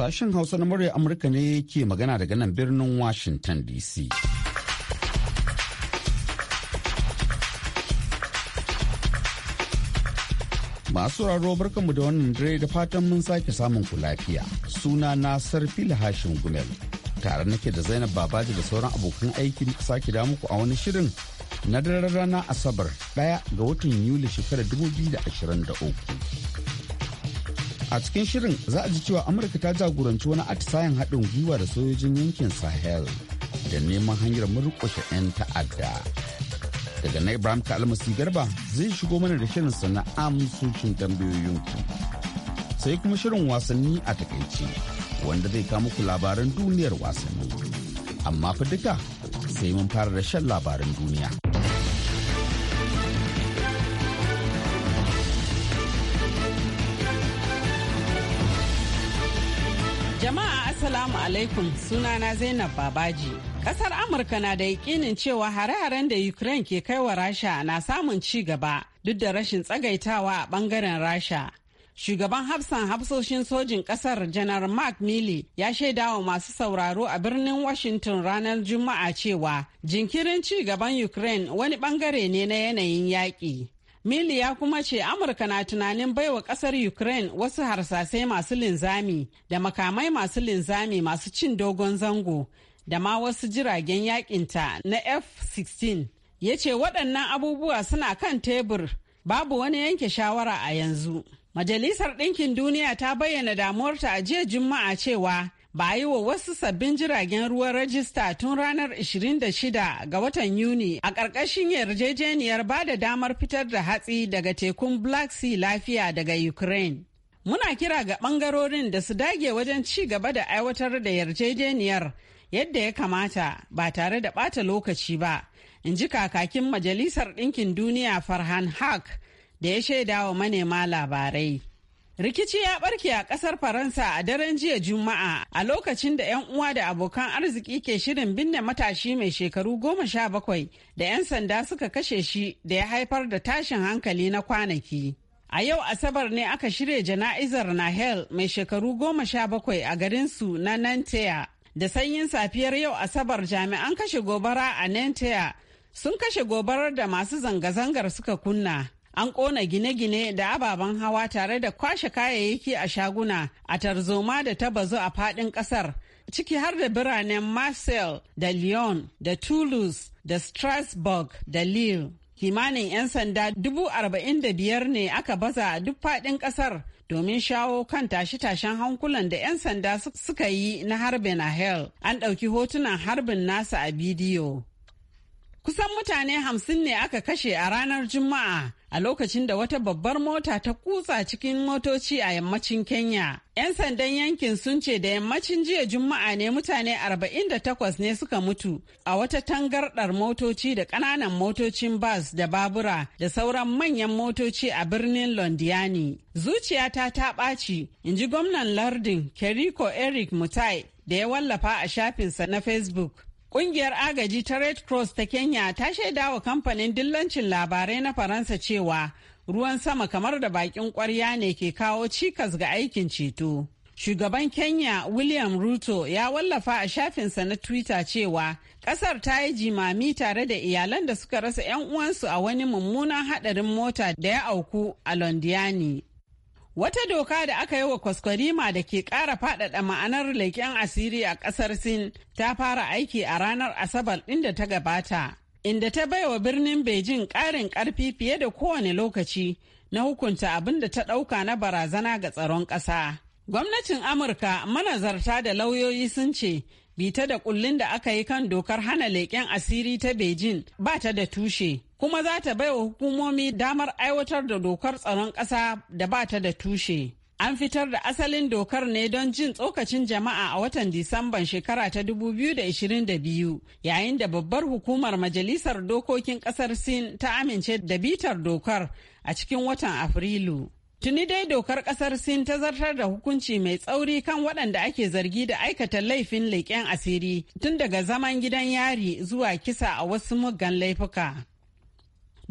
Sashen Hausa na murya Amurka ne ke magana daga nan birnin Washington DC. Masu raro barkanmu da wannan dare da fatan mun sake samun ku lafiya. Suna na sarfi Hashin Gumel. Tare nake da Zainab Babaji da sauran abokan aiki muka sake da muku a wani shirin na daren rana Asabar ɗaya ga watan Yuli shekarar 2023. a cikin shirin za a ji cewa amurka ta jagoranci wani atisayen haɗin gwiwa da sojojin yankin sahel da neman hanyar murƙushe 'yan ta'adda daga na ibrahim kalmasi garba zai shigo mana da shirin sana amsoshin tambayoyinku sai kuma shirin wasanni a takaice wanda zai kawo muku labaran duniyar wasanni amma fa duka sai mun fara da shan labaran duniya. Jama'a Assalamu alaikum sunana Zainab Babaji. Kasar Amurka na da yakinin cewa hare-haren da Ukraine ke kai wa Rasha na samun ci gaba duk da rashin tsagaitawa a bangaren Rasha. Shugaban hafsan hafsoshin sojin kasar janar Mark Milley ya shaida wa masu sauraro a birnin Washington ranar Juma'a cewa jinkirin ci gaban Ukraine wani bangare ne na yanayin yaƙi. Mili ya kuma ce Amurka na tunanin baiwa kasar Ukraine wasu harsasai masu linzami da makamai masu linzami masu cin dogon zango da ma wasu jiragen yakinta na F-16. Ya ce waɗannan abubuwa suna kan tebur babu wani yanke shawara a yanzu. Majalisar Ɗinkin Duniya ta bayyana damuwarta a jiya Juma'a cewa ba yi wa wasu sabbin jiragen ruwa rajista tun ranar 26 ga watan Yuni a ƙarƙashin yarjejeniyar ba da damar fitar da hatsi daga tekun Black Sea lafiya daga Ukraine. Muna kira ga ɓangarorin da su dage wajen ci gaba da aiwatar da yarjejeniyar yadda ya kamata ba tare da ɓata lokaci ba, in ji kakakin Majalisar Ɗinkin Duniya Farhan Haq da ya shaidawa manema labarai. Rikici ya barke a kasar Faransa a daren jiya Juma'a a lokacin da 'yan uwa da abokan arziki ke shirin binne matashi mai shekaru goma sha bakwai da 'yan sanda suka kashe shi da ya haifar da tashin hankali na kwanaki. A yau Asabar ne aka shirya jana'izar Nahel mai shekaru goma sha bakwai a garinsu na Nantea. Da sanyin safiyar yau Asabar jami'an kashe gobara a Nantea sun kashe gobarar da masu zanga-zangar suka kunna. An ƙona gine-gine da ababen hawa tare da kwashe kayayyaki a shaguna a tarzoma da ta bazu a faɗin ƙasar, ciki har da biranen Marseille da Lyon da Toulouse da Strasbourg da Lille. Kimanin 'yan sanda dubu arba'in da biyar ne aka baza a duk faɗin ƙasar domin shawo kan tashe-tashen hankulan da 'yan sanda suka yi na harbin a hell. An ɗauki hotunan harbin nasa a bidiyo. Kusan mutane hamsin ne aka kashe a ranar Juma'a a lokacin da wata babbar mota ta kutsa cikin motoci a yammacin Kenya. 'Yan sandan yankin sun ce da yammacin jiya Juma'a ne mutane 48 ne suka mutu a wata tangardar motoci da ƙananan motocin bas da babura da sauran manyan motoci a birnin Londiani. Zuciyata ta ɓaci, in ji gwamnan lardin Keriko Eric Mutai da ya wallafa a shafinsa na Facebook. Ƙungiyar agaji ta Red Cross ta Kenya ta shaida wa kamfanin dillancin labarai na Faransa cewa ruwan sama kamar da bakin ƙwarya ne ke kawo cikas ga aikin ceto. Shugaban Kenya William Ruto ya wallafa a shafinsa na Twitter cewa ƙasar ta yi jimami tare da iyalan da suka rasa 'yan uwansu a wani mummunan haɗarin mota da ya auku a Londiani. Wata doka da aka yi wa kwaskwarima da ke ƙara faɗaɗa ma'anar leƙen asiri a ƙasar Sin ta fara aiki a ranar Asabar ɗin da ta gabata, inda ta baiwa birnin Beijing ƙarin ƙarfi fiye da kowane lokaci na hukunta abin da ta ɗauka na barazana ga tsaron ƙasa. Gwamnatin Amurka manazarta da lauyoyi sun ce bita da kullun da aka yi kan dokar hana leƙen asiri ta Beijing ba ta da tushe. kuma za ta bai wa hukumomi damar aiwatar da dokar tsaron ƙasa da ba ta da tushe. An fitar da asalin dokar ne don jin tsokacin jama'a a watan Disamban shekara ta 2022 yayin da babbar hukumar Majalisar Dokokin Kasar Sin ta amince da bitar dokar a cikin watan Afrilu. Tuni dai dokar kasar Sin ta zartar da hukunci mai tsauri kan waɗanda ake zargi da aikata laifin leƙen asiri tun daga zaman gidan yari zuwa kisa a wasu muggan laifuka.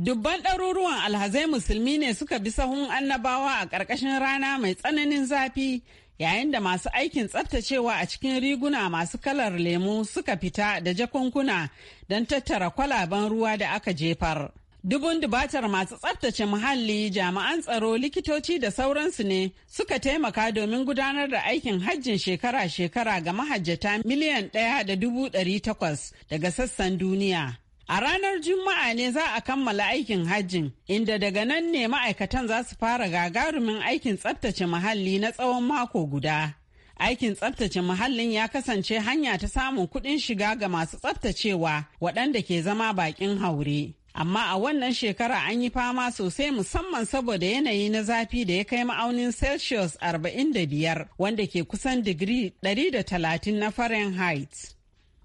Dubban ɗaruruwan alhazai musulmi ne suka bi sahun annabawa a ƙarƙashin rana mai tsananin zafi yayin da masu aikin tsaftacewa a cikin riguna masu kalar lemu suka fita da jakunkuna don tattara kwalaben ruwa da aka jefar. Dubun dubatar masu tsaftace muhalli, jami'an tsaro, likitoci da sauransu ne suka taimaka domin gudanar da aikin hajjin shekara-shekara ga mahajjata miliyan ɗaya da dubu ɗari takwas daga sassan duniya. A ranar Juma'a ne za a kammala aikin hajjin, inda daga nan ne ma'aikatan za su fara gagarumin aikin tsabtace muhalli na tsawon mako guda. Aikin tsabtace muhallin ya kasance hanya ta samun kuɗin shiga ga masu tsabtacewa waɗanda ke zama baƙin haure. amma a wannan shekara an yi fama sosai musamman saboda yanayi na zafi da ya kai ma'aunin celsius 45 wanda ke kusan digiri 130 na fahrenheit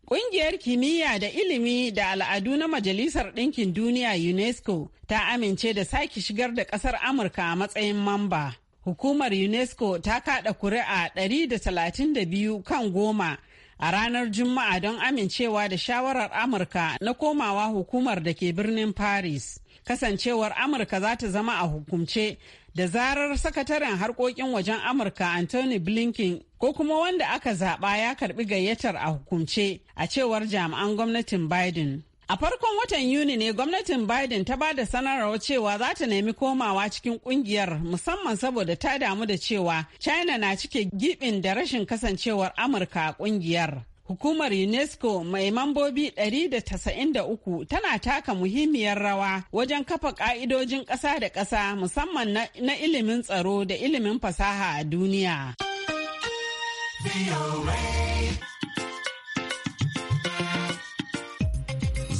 Ƙungiyar kimiyya da ilimi da al'adu na Majalisar Ɗinkin Duniya UNESCO ta amince da sake shigar da ƙasar Amurka a matsayin mamba. Hukumar UNESCO ta kaɗa kuri'a 132 kan goma a ranar Juma'a don amincewa da shawarar Amurka na komawa hukumar da ke birnin Paris. kasancewar amurka za ta zama a hukumce da zarar sakataren harkokin wajen amurka anthony blinken ko kuma wanda aka zaba ya karɓi gayyatar a hukumce a cewar jami'an gwamnatin biden A farkon watan Yuni ne gwamnatin Biden ta ba da sanarwar cewa za ta nemi komawa cikin kungiyar musamman saboda ta damu da cewa China na cike gibin da rashin kasancewar Amurka a kungiyar. Hukumar UNESCO mai mambobi 193 tana taka muhimmiyar rawa wajen kafa ka'idojin ƙasa da ƙasa musamman na ilimin tsaro da ilimin fasaha a duniya.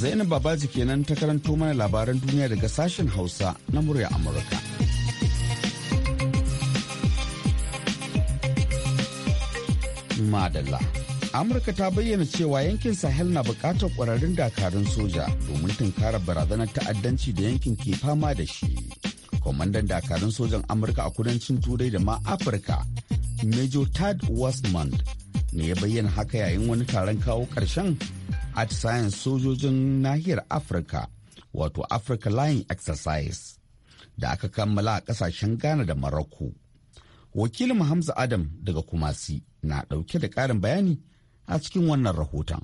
Zainab Babaji kenan ta karanto mana labaran duniya daga sashen Hausa na murya Amurka. Madalla. amurka ta bayyana cewa yankin sahel na bukatar kwararrun dakarun soja domin tunkara barazanar ta'addanci da yankin ke fama da shi kwamandan dakarun sojan amurka a kudancin turai da ma afirka major tad westmond ne ya bayyana haka yayin wani taron kawo ƙarshen science sojojin nahiyar afirka wato africa line exercise da aka kammala a kasashen ghana da morocco wakilin hamza adam daga kumasi na ɗauke da ƙarin bayani a cikin wannan rahoton.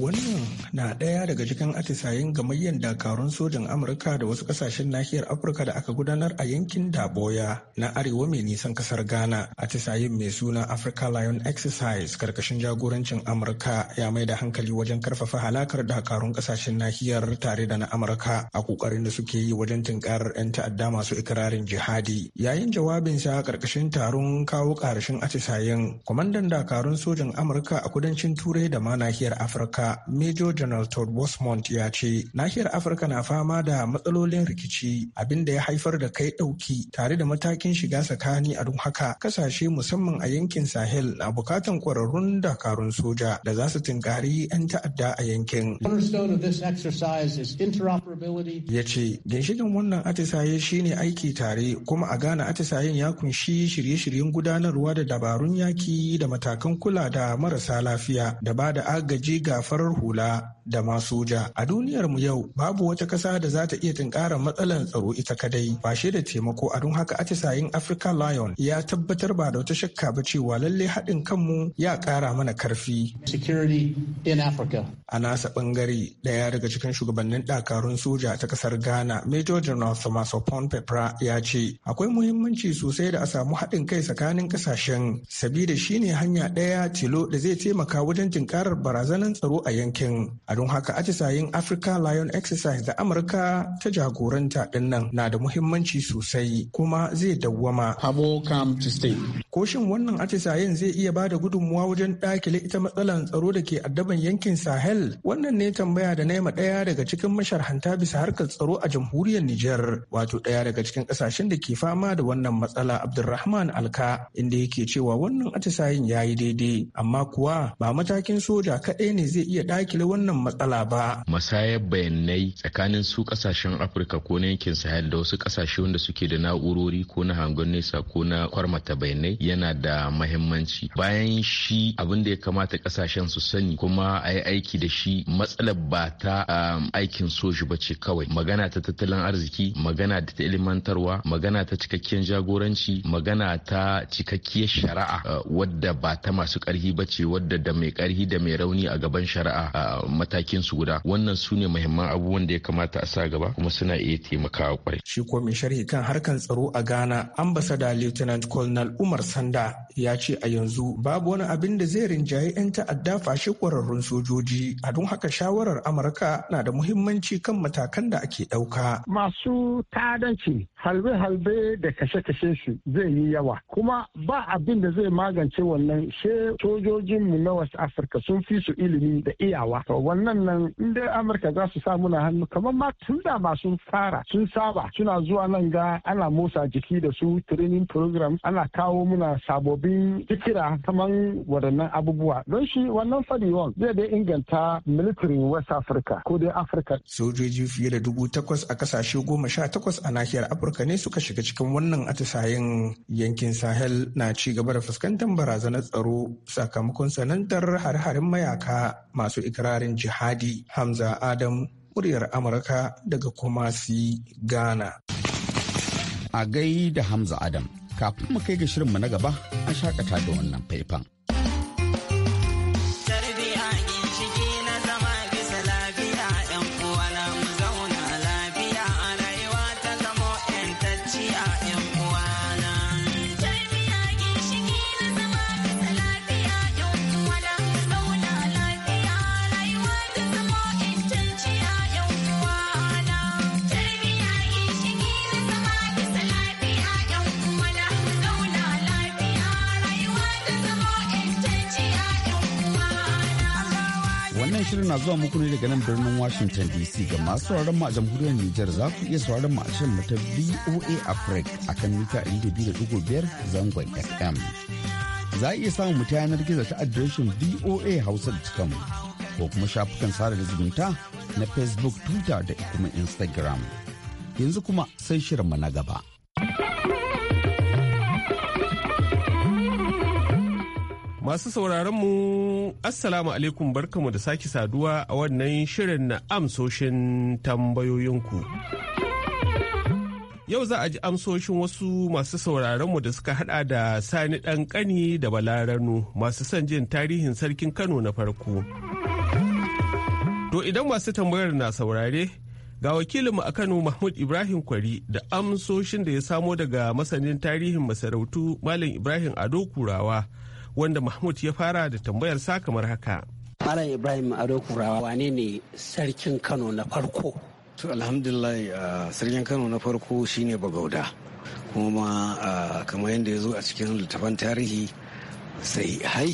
wannan na ɗaya daga cikin atisayen gamayyar dakarun sojan amurka da wasu ƙasashen nahiyar afirka da aka gudanar a yankin daboya na arewa mai nisan ƙasar ghana atisayen mai suna africa lion exercise karkashin jagorancin amurka ya mai da hankali wajen karfafa halakar dakarun ƙasashen nahiyar tare da na amurka a ƙoƙarin da suke yi wajen tunkarar 'yan ta'adda masu ikirarin jihadi yayin jawabinsa karkashin taron kawo ƙarashin atisayen kwamandan dakarun sojan amurka a kudancin turai da ma nahiyar afirka Amurka Major General Todd Bosmont ya ce, nahiyar Afirka na fama da matsalolin rikici abin da ya haifar da kai ɗauki tare da matakin shiga tsakani a don haka kasashe musamman a yankin Sahel na bukatan kwararrun dakarun soja da za su tunkari 'yan ta'adda a yankin. Ya ce, ginshikin wannan atisaye shi ne aiki tare kuma a gane atisayen ya kunshi shirye-shiryen gudanarwa da dabarun yaki da matakan kula da marasa lafiya da ba da agaji ga farar hula da ma soja. A duniyar mu yau babu wata ƙasa da za ta iya tunkarar matsalar tsaro ita kadai Ba shi da taimako a don haka atisayin Africa Lion ya tabbatar ba da wata shakka ba cewa lalle haɗin kanmu ya ƙara mana karfi. Security in Africa. A nasa ɓangare ɗaya daga cikin shugabannin ɗakarun soja ta ƙasar Ghana Major General Thomas Opon Pepra ya ce akwai muhimmanci sosai da a samu haɗin kai tsakanin ƙasashen sabida shine hanya ɗaya tilo da zai taimaka wajen tunkarar barazanar tsaro a yankin. a don haka yin africa lion exercise da amurka ta jagoranta dinnan na da muhimmanci sosai kuma zai dawwama Habo to ko shin wannan atisayen zai iya ba da gudunmuwa wajen dakile ita matsalan tsaro da ke addaban yankin sahel wannan ne tambaya da naima ɗaya daga cikin masharhanta bisa harkar tsaro a jamhuriyar niger wato ɗaya daga cikin ƙasashen da ke fama da wannan matsala Abdurrahman alka inda yake cewa wannan atisayen ya yi daidai amma kuwa ba matakin soja kaɗai ne zai iya dakile wannan matsala ba. Masayar bayanai tsakanin su kasashen Afirka ko na yankin Sahel da wasu kasashe wanda suke da na'urori ko na hangon nesa ko na kwarmata bayanai yana da mahimmanci. Bayan shi abin da ya kamata kasashen su sani kuma a yi aiki da shi matsalar ba ta um, aikin soji ba ce kawai. Magana ta tattalin arziki, magana ta ilimantarwa, magana ta cikakken jagoranci, magana ta cikakkiyar shari'a uh, wadda ba ta masu karhi ba ce wadda da mai karhi da mai rauni a gaban shari'a uh, matakin su guda wannan su ne muhimman abubuwan da ya kamata a sa gaba kuma suna iya taimakawa kwarai. Shi ko mai sharhi kan harkar tsaro a Ghana ambasada Lieutenant Colonel Umar Sanda ya ce a yanzu babu wani abin da zai rinjaye 'yan ta'adda fashe kwararrun sojoji a don haka shawarar Amurka na da muhimmanci kan matakan da ake ɗauka. Masu ta'adanci halbe-halbe da kashe-kashe su zai yi yawa kuma ba abin da zai magance wannan she sojojinmu na West afirka sun fi su ilimi da iyawa. To sannan nan in dai amurka za su sa muna hannu kamar ma tun da ma fara sun saba suna zuwa nan ga ana motsa jiki da su training program ana kawo muna sababbin fikira kamar waɗannan abubuwa don shi wannan won zai dai inganta military west africa ko dai africa sojoji fiye da dubu takwas a kasashe goma sha takwas a nahiyar afirka ne suka shiga cikin wannan atisayen yankin sahel na ci gaba da fuskantar barazanar tsaro sakamakon sanantar har-harin mayaka masu ikirarin jihar hadi Hamza Adam muryar Amurka daga Kumasi, Ghana. A gai da Hamza Adam, kafin mu kai ga shirinmu na gaba, an shakata da wannan faifan. shirin na zuwa muku ne daga nan birnin Washington DC ga masu sauraron mu a jamhuriyar Nijar za ku iya sauraron mu a shirin mu ta VOA Africa akan mita 200.5 zangon FM. Za a iya samun mu ta yanar gizo ta adireshin VOA Hausa da cikan ko kuma shafukan sada da zumunta na Facebook, Twitter da kuma Instagram. Yanzu kuma sai shirin mu na gaba. Masu sauraron mu Assalamu alaikum barkamu da sake saduwa a wannan shirin na amsoshin tambayoyinku. Yau za a ji amsoshin wasu masu mu da suka hada da Sani Ɗanƙani da Balaranu masu son jin tarihin sarkin Kano na farko. To idan masu tambayar na saurare, ga wakilinmu a Kano Mahmud Ibrahim Kwari da amsoshin da ya samo daga masanin tarihin masarautu Malam Ibrahim Ado Kurawa. wanda mahmud ya fara da tambayar sa kamar haka malam ibrahim ado kurawa wane ne sarkin kano na farko to alhamdulillah uh, sarkin kano na farko shine bagauda kuma uh, kamar yadda ya zo a cikin littafan tarihi sai hai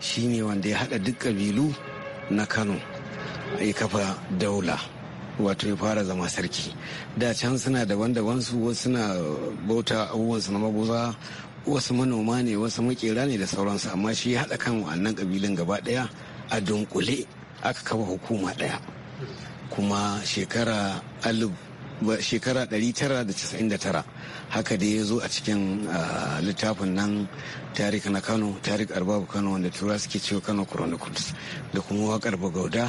shine wanda ya hada duk kabilu na kano ya kafa daula wato ya fara zama sarki da can suna daban-daban su wasu suna bauta abubuwan su na maguza wasu manoma ne wasu makera ne da sauransu amma shi ya haɗa kan wannan ƙabilun gaba ɗaya a dunkule aka kafa hukuma ɗaya kuma shekara alif shekara 999 haka da ya zo a cikin ah, littafin nan tarik na kano tarik arbabu kano wanda tura suke cewa kano chronicles da kuma wakar bagauda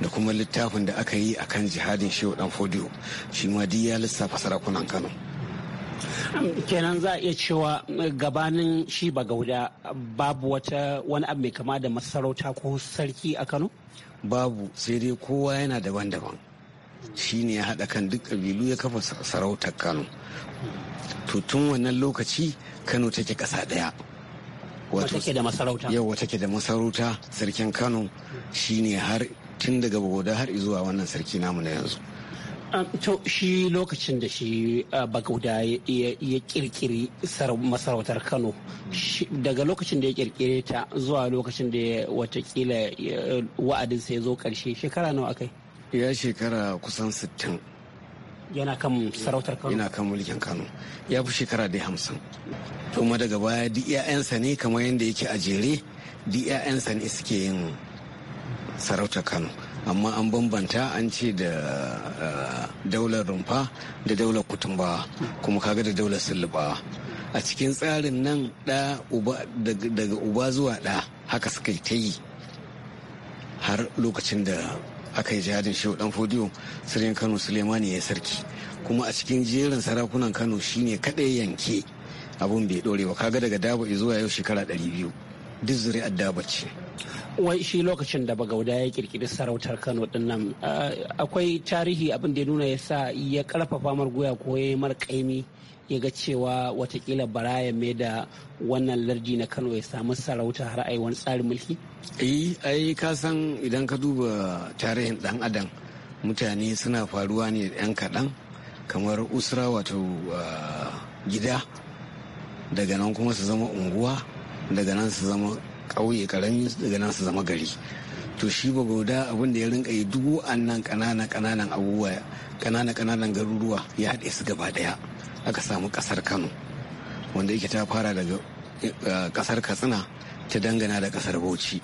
da kuma littafin da aka yi a kan jihadin shehu dan fodiyo shi ma ya lissafa sarakunan kano kenan za a iya cewa gabanin shi ba gauda babu wata wani abu mai kama da masarauta ko sarki a kano babu sai dai kowa yana daban-daban shi ne ya haɗa kan duk ƙabilu ya kafa sarautar kano to tun wannan lokaci kano take ƙasa ɗaya wato take da masarauta yawa take da masarauta sarkin kano ne har tun daga bagoda har zuwa wannan sarki namu na yanzu to shi lokacin da shi bagauda ya kirkiri masarautar kano daga lokacin da ya kirkire ta zuwa lokacin da watakila wa'adinsa ya zo karshe shekara nawa akai ya shekara kusan sittin. yana kan sarautar kano yana kan mulkin kano ya fi shekara dai hamsin To kuma daga baya duk 'ya'yansa ne kamar yadda yake a jere duk 'ya'yansa ne suke yin sarautar kano amma an bambanta an ce da eh, daular rumfa da daular kutumba kuma kaga da daular sulluba a cikin tsarin nan daga uba zuwa ɗa haka suka ta yi har lokacin da aka yi jihadin shehu dan fodiyo sirrin kano sulemani ya sarki kuma a cikin jerin sarakunan kano shine kadai yanke abun bai ɗore ba kaga daga dabo zuwa yau shekara 200 duk zuri'ar daba ce wai shi lokacin da bagauda ya kirkiri sarautar kano dinnan eh, akwai tarihi abin da ya nuna ya sa ya karfafa mar guya ko ya yi mar kaimi ya ga cewa watakila bara ya mai da wannan lardi na kano ya samu sarauta har a wani tsarin mulki? eh ai ka san idan ka duba tarihin dan adam mutane suna faruwa ne yan kaɗan kamar usra wato eh, gida daga nan kuma su zama unguwa daga nan su zama ƙauye karami daga nan su zama gari to shi ba goda abin da ya rinka yi duk nan ƙananan ƙananan abubuwa ƙananan ƙananan garuruwa ya haɗe su gaba ɗaya aka samu ƙasar kano wanda yake ta fara daga eh, ƙasar katsina ta dangana da ƙasar bauchi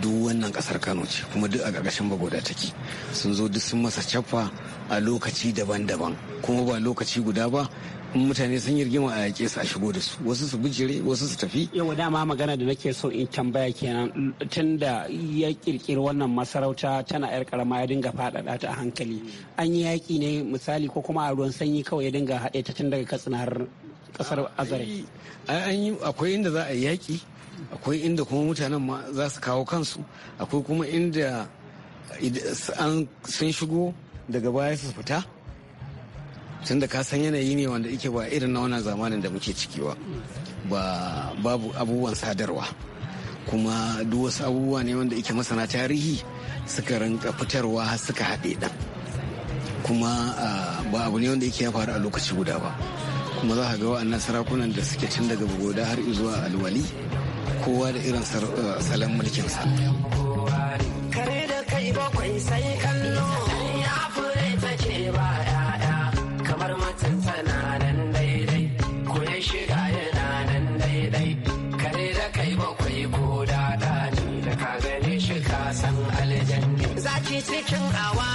duk wannan ƙasar kano ce kuma duk a ƙarƙashin bagoda take sun zo duk sun masa caffa a lokaci daban-daban kuma ba lokaci guda ba in mutane sun yi rigima a yaƙe su a shigo da su wasu su bijire wasu su tafi yau dama magana da nake so in tambaya kenan tun da ya kirkiri wannan masarauta tana yar karama ya dinga faɗaɗa ta a hankali an yi yaƙi ne misali ko kuma a ruwan sanyi kawai ya dinga haɗe ta tun daga katsina har ƙasar azare an yi akwai inda za a yi yaƙi akwai inda kuma mutanen ma za su kawo kansu akwai kuma inda sun shigo daga baya su fita tunda ka san yanayi ne wanda ike ba irin na wannan zamanin da muke ciki ba ba babu abubuwan sadarwa kuma duk wasu abubuwa ne wanda ike masana tarihi suka rinka fitarwa suka haɗe ɗan kuma ba abu ne wanda yake ya faru a lokaci guda ba kuma za ka ga wa'annan sarakunan da suke tun daga bugoda har zuwa alwali kowa da irin salon mulkinsa. Kare da kai bakwai sai sai cin awa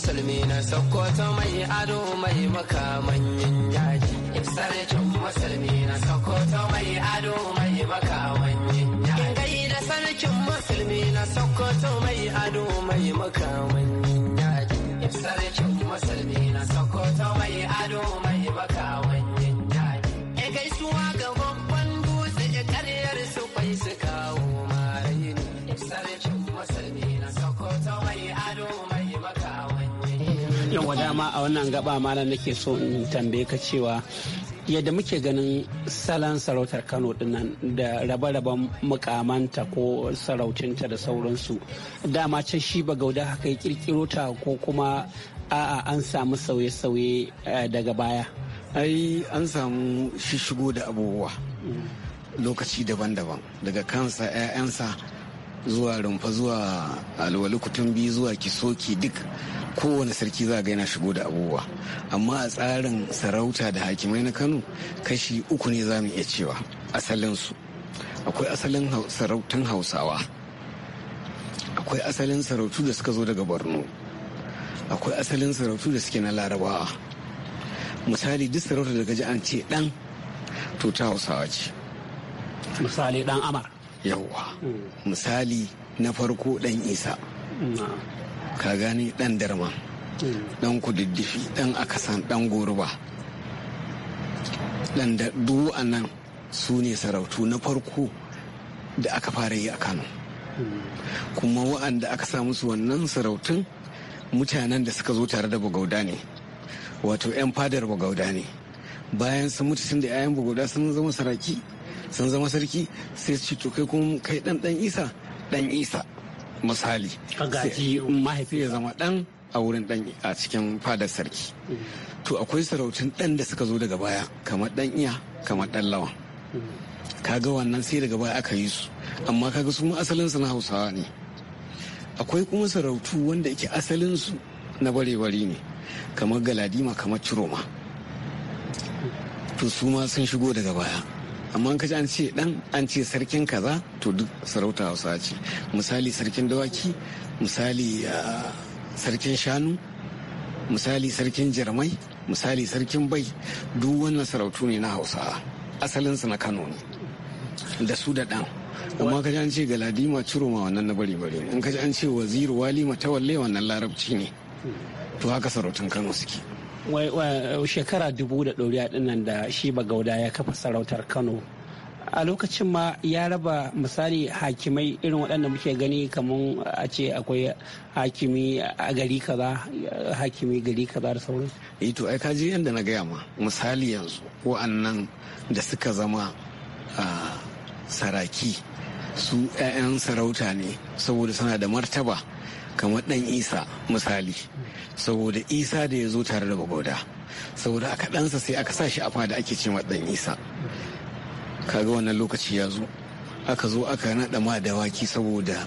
musulmi na sokoto mai ado mai makamanyin yaji sarkin musulmi na sokoto mai ado mai makamanyin yaji gai da sarkin musulmi na sokoto mai ado mai makamanyin yaji sarkin musulmi na sokoto mai ado mai makamanyin yaji e gaisuwa ga babban dutse e karyar su kai su kawo yawa dama a wannan gaba malam nake so in tambaye ka cewa yadda muke ganin salon sarautar kano dinnan da rabe-raben mukamanta ko sarautinta da sauransu dama can shi ba gauda haka ya kirkiro ta ko kuma a'a an samu sauye-sauye eh, daga baya ai an samu shi shigo da abubuwa mm. lokaci daban-daban daga kansa 'ya'yansa zuwa rumfa zuwa alwalukutun biyu zuwa kisoki duk kowane sarki za ga yana shigo da abubuwa amma a tsarin sarauta da hakimai na kano kashi uku ne za mu iya cewa asalinsu akwai asalin sarautun hausawa akwai asalin sarautu da suka zo daga borno akwai asalin sarautu da suke na larabawa misali duk sarauta daga ji an ce dan to ta hausawa ce misali dan amar yawwa hmm. misali na farko dan isa hmm, ka gani dan darma dan kududdufi dan akasan dan goruba dan da nan su ne sarautu na farko da aka fara yi a kano kuma wa'anda aka sa musu wannan sarautun mutanen da suka zo tare da bagauda ne wato 'yan fadar bagauda ne bayan sun mutu tun da 'ya'yan bagauda sun zama saraki sun zama sarki sai su to kai kuma kai dan dan isa dan isa misali mahaifi ya zama dan a wurin dan a cikin fadar sarki mm. to akwai sarautun dan da suka zo daga baya kamar dan iya kamar dan lawan mm. kaga wannan sai daga baya aka yi su amma kaga su asalin su na hausawa ne akwai kuma sarautu wanda yake asalin su na barewari ne kamar galadima kamar ciroma mm. to su ma sun shigo daga baya amma kaji an ce dan an ce sarkin kaza to duk sarauta hausa ce misali sarkin dawaki misali ah, sarkin shanu misali sarkin jirmai misali sarkin bai duk wannan sarautu ne na hausa asalinsu na kano ne da su da dan amma kaji an ce galadima ma wannan na bari bari in kaji an ce waziri wali tawalle wannan larabci ne to haka sarautun kano suke shekara dubu da a ɗinnan da shi gauda ya kafa sarautar kano a lokacin ma ya raba misali hakimai irin waɗanda muke gani kamar a ce akwai hakimi a gari kaza hakimi gari kaza da sauransu. yi e, to ai yadda na gaya ma misali yanzu wa'annan da suka zama saraki su 'ya'yan sarauta ne saboda suna da martaba kamar dan isa misali saboda isa da ya zo tare da bagoda saboda aka ɗansa sai aka sa shi a fada ake ce dan isa kaga wannan lokaci ya zo aka zo aka naɗa ma dawaki saboda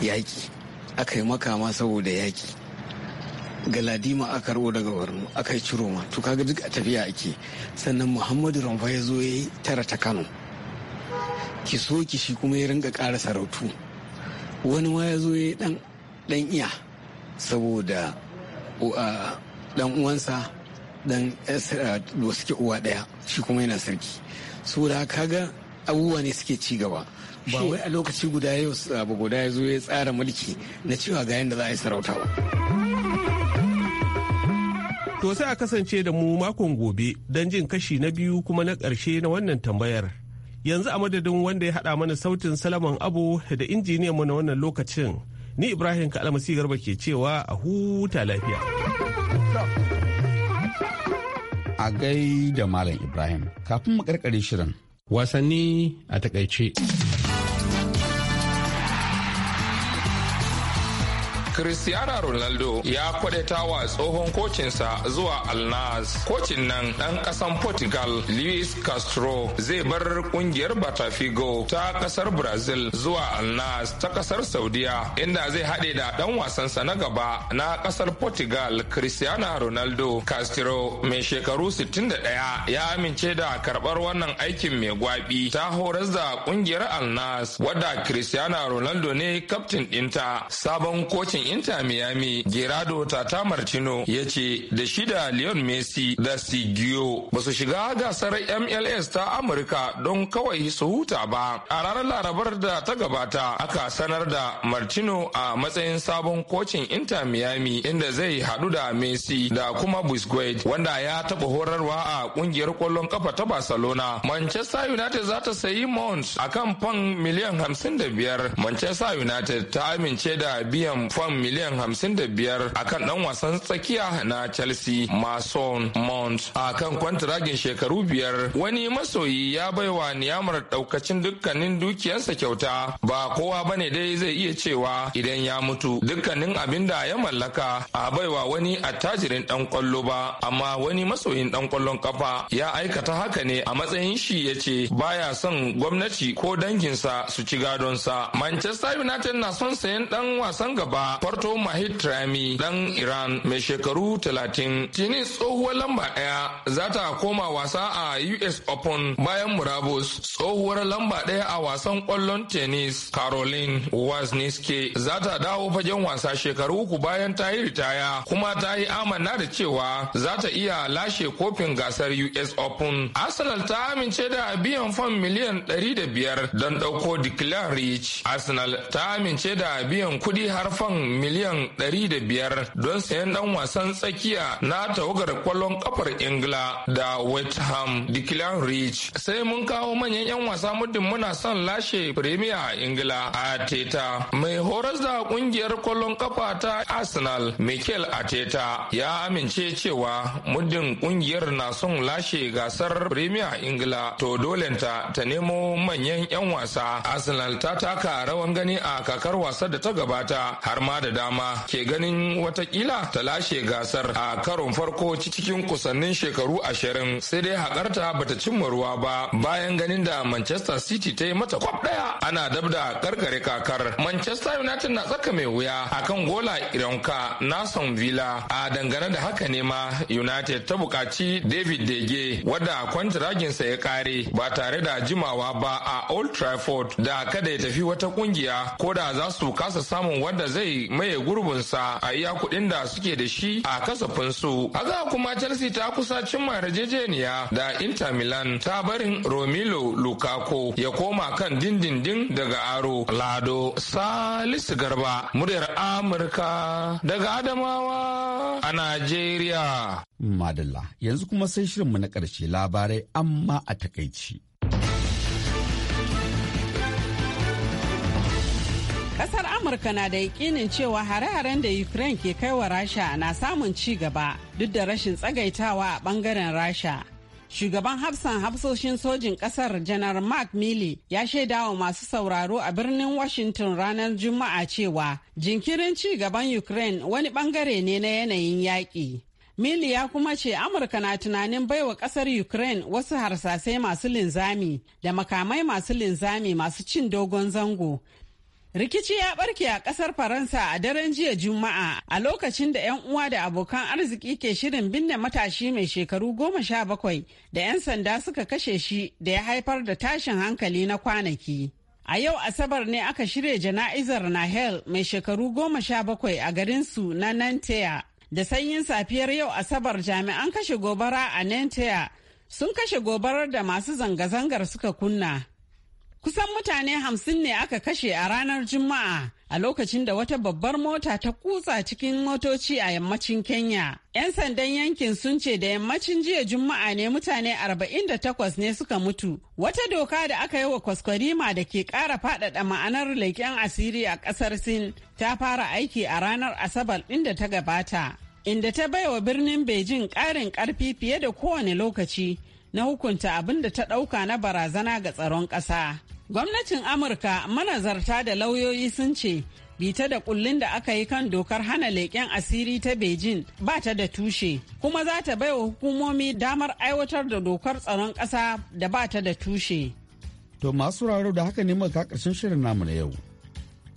yaƙi aka yi makama saboda yaƙi galadima aka ro daga barno aka yi ciro ma to kaga duk a tafiya ake sannan muhammadu ramfa ya zo ya yi tara ta kano ki so ki shi kuma ya rinka ƙara sarautu wani ma ya zo ya yi ɗan dan iya saboda uh, dan uwansa dan uh, da suke uwa ɗaya shi kuma yana sarki saboda kaga abubuwa ne suke ci gaba ba wai a lokaci guda yau guda ya zo ya tsara mulki na cewa ga yadda za a yi sarauta ba. To sai a kasance da mu makon gobe don jin kashi na biyu kuma na ƙarshe na wannan tambayar. Yanzu a madadin wanda ya haɗa mana sautin salaman Abu da injiniyan mu na wannan lokacin ni ibrahim kalmasi garba ke cewa a huta lafiya a gaida malam ibrahim kafin mu karkare shirin wasanni a takaice cristiano ronaldo ya kwadata wa tsohon kocinsa zuwa alnas kocin nan ɗan kasan portugal luis castro zai bar ƙungiyar batafigo ta ƙasar brazil zuwa alnas ta ƙasar saudiya inda zai haɗe da ɗan wasansa na gaba na ƙasar portugal cristiano ronaldo castro mai shekaru 61 ya amince da karɓar wannan aikin mai gwabi ta horas da kungiyar alnas wadda cristiano ronaldo ne kaftin ɗinta sabon kocin kocin inter miami gerardo tata martino ya ce da shida da leon messi da sigio ba su shiga gasar mls ta amurka don kawai su huta ba a ranar larabar da ta gabata aka sanar da martino a matsayin sabon kocin inter miami inda zai hadu da messi da kuma busquets wanda ya taɓa horarwa a kungiyar kwallon kafa ta barcelona manchester united za ta sayi mount kan fan miliyan 55 manchester united ta amince da biyan fan da miliyan 55 kan dan wasan tsakiya na Chelsea Mason Mount kan kwantiragin shekaru biyar wani masoyi ya baiwa niyamar daukacin dukkanin dukiyarsa kyauta ba kowa bane dai zai iya cewa idan ya mutu dukkanin abin da ya mallaka a baiwa wani attajirin dan kwallo ba amma wani masoyin dan kwallon kafa ya aikata haka ne a matsayin shi ya ce baya son gwamnati ko danginsa su ci gadonsa. Manchester United na son sayan dan wasan gaba Farto Mahid Trami dan Iran mai shekaru 30. Tini tsohuwar lamba ɗaya za ta koma wasa a US Open bayan murabus. Tsohuwar lamba ɗaya a wasan ƙwallon tennis Caroline Wozniacki za ta dawo fagen wasa shekaru uku bayan ta yi ritaya kuma ta yi amana da cewa za ta iya lashe kofin gasar US Open. Arsenal ta amince da biyan fam miliyan 500 don ɗauko Declan Rich. Arsenal ta amince da biyan kuɗi har fan miliyan biyar don sayan dan wasan tsakiya na tawagar kwallon kafar ingila da west ham declan rich sai mun kawo manyan 'yan wasa muddin muna son lashe premier ingila a teta mai horas da kungiyar kwallon kafa ta arsenal Michael ateta ya amince cewa muddin kungiyar na son lashe gasar premier ingila to dolenta ta nemo manyan 'yan wasa arsenal ta taka rawan gani a kakar wasa da ta gabata har ma da dama ke ganin watakila ta lashe gasar a karon farko cikin kusannin shekaru ashirin sai dai haƙarta bata cimma ruwa ba bayan ganin da Manchester City ta yi mata kwab daya ana dab da karkare kakar. Manchester United na tsaka mai wuya akan gola Ironka Nason Villa a dangane da haka ne ma United ta bukaci David Dege wadda sa ya kare ba tare da jimawa ba a Old Trafford da kada ya tafi wata kungiya ko da za su kasa samun wadda zai maye gurbinsa a iya kuɗin da suke da shi a kasafinsu. Haka kuma Chelsea ta kusa cimma yarjejeniya da Inter Milan ta barin Romelu Lukaku ya koma kan dindindin daga aro. Lado Salisu Garba, muryar Amurka daga Adamawa a Najeriya. Madalla, yanzu kuma sai shirinmu na ƙarshe labarai amma a takaici. Amurka na da yakinin cewa hare-haren da Ukraine ke kai wa Rasha na samun ci gaba duk da rashin tsagaitawa a bangaren Rasha. Shugaban hafsan hafsoshin sojin kasar janar Mark Milley ya shaidawa masu sauraro a birnin Washington ranar Juma'a cewa jinkirin ci gaban Ukraine wani bangare ne na yanayin yaƙi. Mili ya kuma ce Amurka na tunanin baiwa ƙasar Ukraine wasu harsasai masu linzami da makamai masu linzami masu cin dogon zango Rikici ya barke a kasar Faransa a daren jiya Juma'a a lokacin da 'yan uwa da abokan arziki ke shirin binne matashi mai shekaru goma sha bakwai da 'yan sanda suka kashe shi da ya haifar da tashin hankali na kwanaki. A yau Asabar ne aka shirya jana'izar Nahel mai shekaru goma sha bakwai a garinsu na Nantea. Da sanyin safiyar yau Asabar jami'an kashe gobara a Nantea sun kashe gobarar da masu zanga-zangar suka kunna. Kusan mutane hamsin ne aka kashe a ranar Juma'a a lokacin da wata babbar mota ta kutsa cikin motoci a yammacin Kenya. 'Yan sandan yankin sun ce da yammacin jiya Juma'a ne mutane 48 ne suka mutu. Wata doka da aka yi wa kwaskwarima da ke ƙara faɗaɗa ma'anar leƙen asiri a ƙasar Sin ta fara aiki a ranar Asabar ɗin da ta gabata. Inda ta baiwa birnin Beijing ƙarin ƙarfi fiye da kowane lokaci na hukunta abin da ta ɗauka na barazana ga tsaron ƙasa. Gwamnatin Amurka manazarta da lauyoyi sun ce bita da kullun da aka yi kan dokar hana leƙen asiri ta Beijing ba ta da tushe, kuma za ta baiwa hukumomi damar aiwatar da dokar tsaron ƙasa da ba ta da tushe. To masu raro da haka ne muka ƙarshen shirin namu na yau.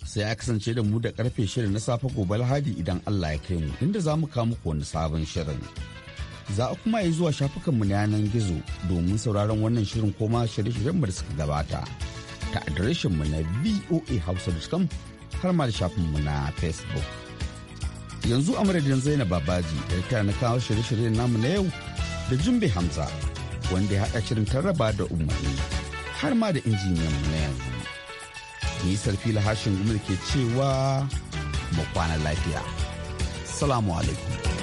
Sai a kasance da mu da karfe shirin na safe gobe Lahadi idan Allah ya kai mu inda za mu kawo muku wani sabon shirin. za a kuma yi zuwa shafukanmu na yanar gizo domin sauraron wannan shirin koma shirye-shiryen da suka gabata ta adireshinmu na hausa.com har ma da shafinmu na facebook yanzu a madadin zainab babaji da ya na kawo shirye-shiryen namu na yau da jumbe hamza wanda ya haɗa shirin tarraba da umarni har ma da injiniyan mu na yanzu ni sarfi lahashin gumar ke cewa mu kwana lafiya salamu alaikum